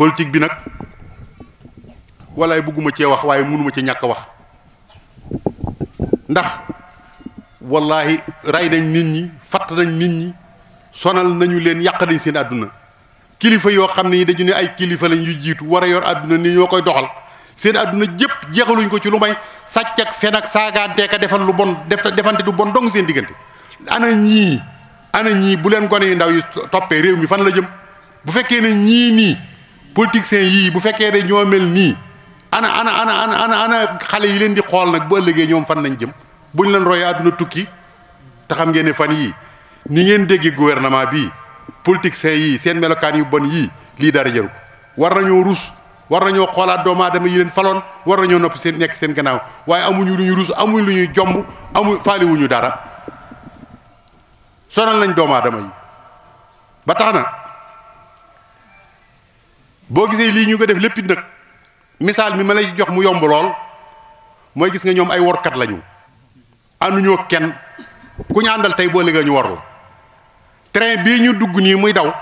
politique bi nag walaay bëgguma cee wax waaye mënuma ci ñàkk wax ndax wallahi rey nañ nit ñi fatt nañ nit ñi sonal nañu leen yàq nañ seen àdduna kilifa yoo xam ne yi dañu ne ay kilifa lañ yu jiitu war a yor àdduna ni ñoo koy doxal seen àdduna jëpp jeexaluñ ko ci lu may sàcc ak fen ak saagaantee ka defal lu bon def defante du bon dong seen diggante ana ñii ana ñii bu leen gone yu ndaw yi toppee réew mi fan la jëm bu fekkee ne ñii nii politiciens yii bu fekkee ne ñoo mel nii ana ana ana ana ana ana xale yi leen di xool nag bu ëllëgee ñoom fan lañu jëm buñ leen royee àdduna tukki te xam ne fan yii ni ngeen déggee gouvernement bii politiciens yii seen melokaan yu bon yii lii dara jaru war nañoo rus war nañoo xoolaat doomu aadama yi leen faloon war nañoo noppi seen nekk seen gannaaw waaye amuñu lu ñu rus amuñ lu ñuy jomm amuñ faaliwuñu dara sonal nañ doomu adama yi ba boo gisee lii ñu ko def lépp nag misaal bi ma lay jox mu yomb lool mooy gis nga ñoom ay workat lañu ànduñoo kenn ku ñu àndal tey boo léegi ñu war la train bii ñu dugg nii muy daw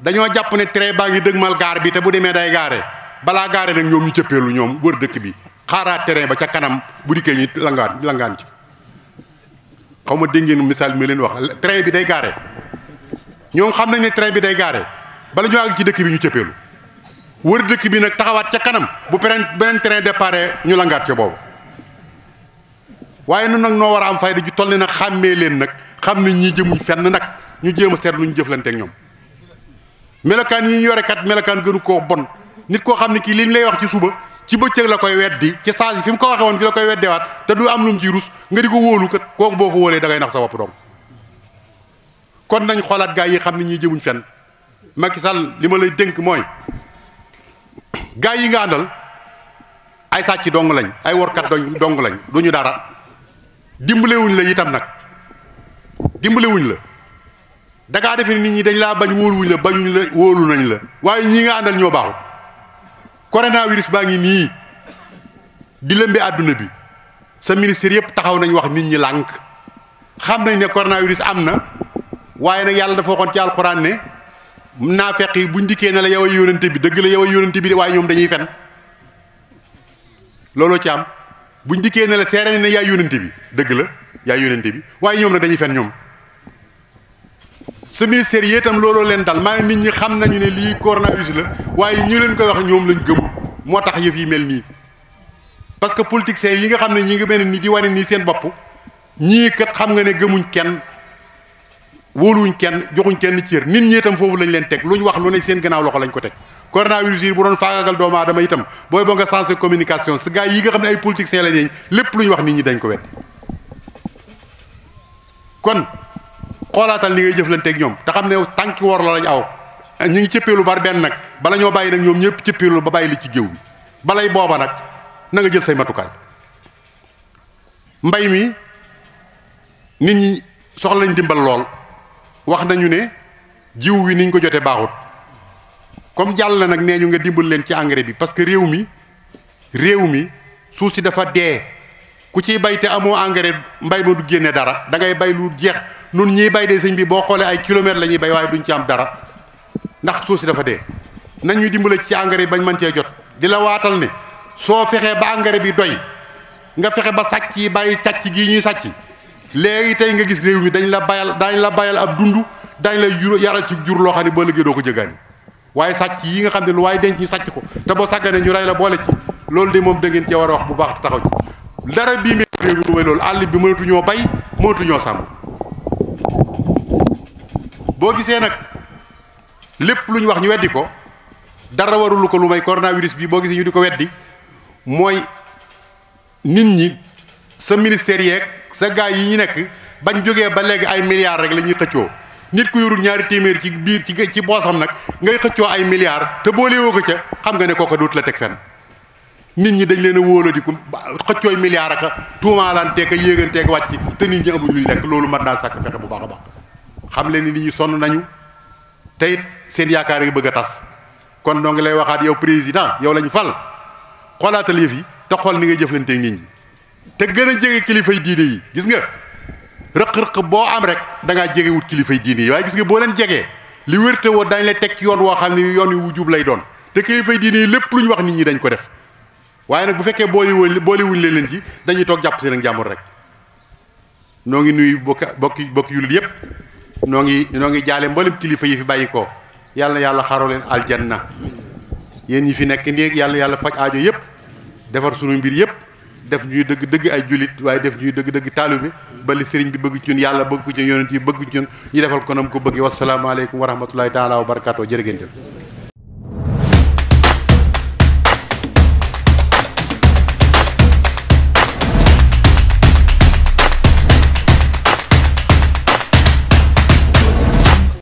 dañoo jàpp ne train baa ngi mal gaar bi te bu demee day gaare balaa gaare nag ñoom ñu cëppeelu ñoom wër dëkk bi xaaraat train ba ca kanam bu dikkee ñu langaan langaan ci xaw ma dégg ngeen misaal mi leen wax train bi day gaare ñoom xam nañ ne train bi day gaare bala ñu ci dëkk bi ñu cëppeelu wër dëkk bi nag taxawaat ca kanam bu beneen beneen train départ ñu langaat ca boobu waaye nun nag noo war a am fayda ju toll ni nag xàmmee leen nag xam ne ñii jëmuñ fenn nag ñu jéem seet lu ñu jëflante ñoom melokaan yi ñu melokaan gënu koo bon nit koo xam ne kii li lay wax ci suba ci bëccëg la koy weddi ci saa yi fi mu ko waxe woon la koy weddewaat te du am lu mu ci rus nga di ko wóolu kat kooku boo ko da ngay nax sa bopp doom kon nañ xoolaat gaa yi xam ne ñii jëmuñ fenn Macky Sall li ma lay dénk mooy gaa yi nga àndal ay sàcc dong lañ ay workat dong lañ du ñu dara dimbalewuñ la itam nag dimbalewuñ la dangaa defe nit ñi dañ laa bañ wóoluwuñ la bañuñu la wóolu nañu la waaye ñii nga àndal ñoo baaxul coronavirus baa ngi nii di lëmbe àdduna bi sa ministère yëpp taxaw nañu wax nit ñi lànk xam nañ ne coronavirus am na waaye nag yàlla dafa waxoon ci alxuraan ne naafeq yi buñ dikkee ne la yow a yónente bi dëgg la yow a yónente bi waaye ñoom dañuy fen looloo ci am buñ dikkee ne la seere ne yaay yónente bi dëgg la yaa yónente bi waaye ñoom na dañuy fen ñoom sa ministère yi tam looloo leen dal maa nit ñi xam nañu ne lii coronavirus la waaye ñu leen koy wax ñoom lañ gëm moo tax yëf yi mel nii parce que politiciens yi nga xam ne ñi ngi mel nit di wane nii seen bopp ñii kat xam nga ne gëmuñ kenn wóoluwuñ kenn joxuñ kenn cër nit ñi itam foofu lañ leen teg luñ wax lu ne seen gannaaw loxo lañ ko teg coronavirus yi bu doon faagaagal doomu aadama itam booy boo nga sensé communication si gars yi nga xam ne ay politiciens la ñuy lépp lu ñu wax nit ñi dañ ko wet kon xoolaatal ni ngay jëflanteeg ñoom te xam ne tànki wor la lañ aw ñu ngi cëppeelu bar benn nag bala ñoo bàyyi nag ñoom ñëpp cëppeelu ba bàyyi li ci géew bi balay booba nag na nga jël say matukaay mbay mi nit ñi soxla lañ dimbal lool wax nañu ne jiw wi niñ ko jotee baaxut comme jàll nag nee ñu nga dimbal leen ci engrais bi parce que réew mi réew mi suuf si dafa dee ku ciy bay te amoo engrais mbay ma du génne dara dangay bay lu jeex nun ñiy bay de sëñ bi boo xoolee ay kilomètres la ñuy bay waaye duñ ci am dara ndax suuf si dafa dee nañ ñu dimbale ci engrais bañ mën cee jot di la waatal ne soo fexee ba engrais bi doy nga fexe ba sàcc yi bàyyi sàcc gii ñuy sàcc léegi tey nga gis réew mi dañ la bayal dañ la bayal ab dund dañ la jur yaral ci jur loo xam ne boo liggéey doo ko jëgaani waaye sàcc yi nga xam ne lu waaye denc ñu sàcc ko te boo sàgganee ñu rey la boole ci loolu de moom da ngeen cee war a wax bu baax taxaw ci dara bii mi réew mi lu may loolu àll bi mënatuñoo bay mënatuñoo sàmm boo gisee nag lépp lu ñu wax ñu weddi ko dara warulu ko lu may coronavirus bi boo gisee ñu di ko weddi mooy nit ñi sa ministère yeeg sa gars yi ñu nekk bañ jógee ba léegi ay milliards rek la ñuy xëccoo nit ku yorul ñaari téeméer ci biir ci ci boosam nag ngay xëccoo ay milliards te boolewoo ko ca xam nga ne kooka dootu la teg fen nit ñi dañ leen a wóoladiku xëccooy milliards aka tuumaalanteeg a yéeganteeg wàcc te nit ñi amuñ luñ lekk loolu mën naa sàkk pexe bu baax a baax xam leen ni ñu sonn nañu te seen yaakaar yi bëgg a tas kon noo ngi lay waxaat yow président yow lañ fal xoolaatal yëf te xool ni ngay jëflanteeg nit ñi. te gën a jege kilifay diine yi gis nga rëq-rëq boo am rek da ngaa jege wut kilifay diine yi waaye gis nga boo leen jegee li wérte woo dañ la teg yoon woo xam ne yoon wi wu jub lay doon te kilifay diine yi lépp lu ñu wax nit ñi dañ ko def waaye nag bu fekkee boolewul boolewuñ leen leen ci dañuy toog jàpp seen ak jàmbur rek noo ngi nuyu bokki bokki bokki jullit yépp noo ngi noo ngi jaale mboolem kilifa yi fi bàyyi ko yàlla na yàlla xaroo leen aljanna yéen ñi fi nekk nii yàlla yàlla faj aajo defar sunu mbir yépp def ñuy dëgg dëgg ay julit waaye def ñuy dëgg dëgg taalibe ba li sëriñ bi bëgg ci yàlla bëgg ko ci ñun yonent ñu defal ko nam ko bëgg wasalaamaaleykum wa rahmatullahi taala wa barakaatu jërë ngeen jëf